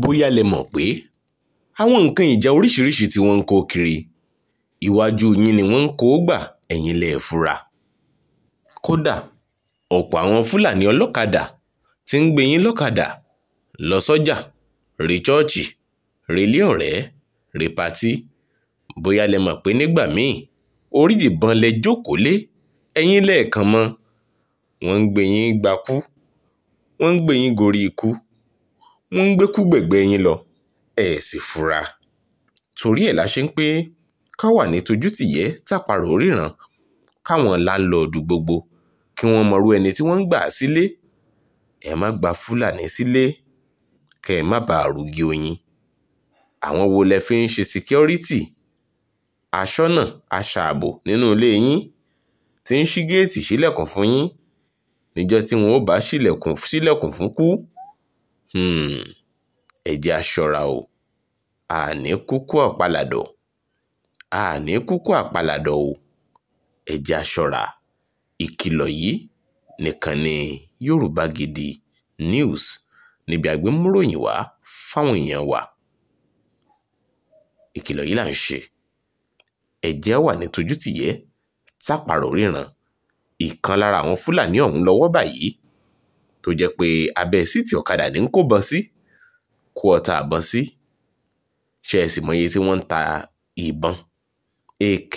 bóyá lẹ mọ̀ pé àwọn nǹkan ìjà oríṣiríṣi tí wọ́n ń kó kiri iwájú yín ni wọ́n ń kó gbà ẹ̀yin lẹ fura kódà ọ̀pọ̀ àwọn fúlàní ọlọ́kadà tí ń gbé yín lọ́kadà lọ sọ́jà rè chọ́ọ̀chì rè ilé ọ̀rẹ́ rè patí bóyá lẹ mọ̀ pé nígbà míì orí ìbọn lẹ jókòó lé ẹ̀yin lẹ́ẹ̀kan mọ́ wọ́n ń gbé yín gbakú wọ́n ń gbé yín gorí ikú ń gbékúgbègbè yín lọ ẹ̀ sì fura torí ẹ̀ la ṣe ń pé ká wà ní tojútìyẹ́ tàparò ríran káwọn láńlọ́ọ̀dù gbogbo kí wọ́n mọrú ẹni tí wọ́n ń gbà sílé ẹ má gba fúlàní sílé kẹ ẹ má bàa rugi oyin àwọn wo lẹ fi ń ṣe síkírọ́rítì aṣọ́nà aṣààbò nínú ilé yín tí ń ṣí géètì sílẹ̀kùn fún yín níjọ́ tí wọn ó bá sílẹ̀kùn fún kú um ẹ jẹ́ á ṣọ́ra o àní kúkú ọ̀pálàdọ̀ àní kúkú ọ̀pálàdọ̀ o ẹ jẹ́ ìkìlọ̀ yìí nìkan ni Yorùbá Gidi News níbi àgbémúròyìn wá fáwọn èèyàn wa ìkìlọ̀ yìí là ń ṣe ẹ jẹ́ á wà ní tójútìyẹ́ tápàrọ̀ ríran ìkan lára àwọn Fúlàní ọ̀hún lọ́wọ́ báyìí tó jẹ́ pé abẹ́ síìtì ọ̀kadà ní kó bọ́ sí kó ọta àbọ̀ sí ṣe é sì mọ iye tí wọ́n ń ta ìbọn AK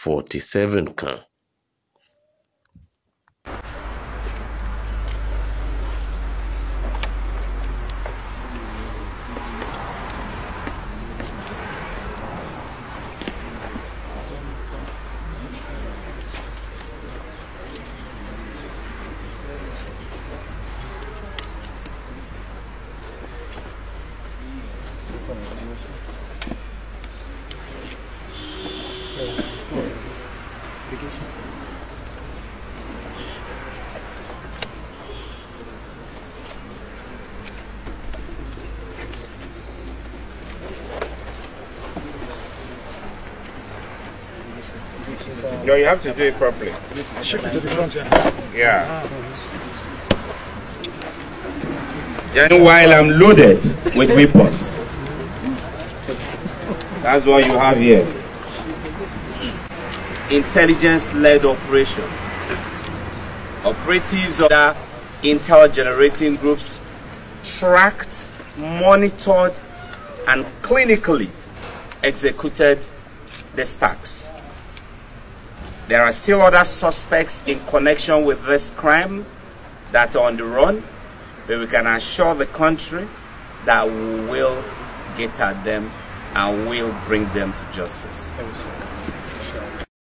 forty seven kan No, you have to do it properly. it to the front, yeah. Yeah. Then while I'm loaded with weapons, that's what you have here. Intelligence-led operation. Operatives under intel generating groups tracked, monitored, and clinically executed the stacks. There are still other suspects in connection with this crime that are on the run, but we can assure the country that we will get at them and will bring them to justice.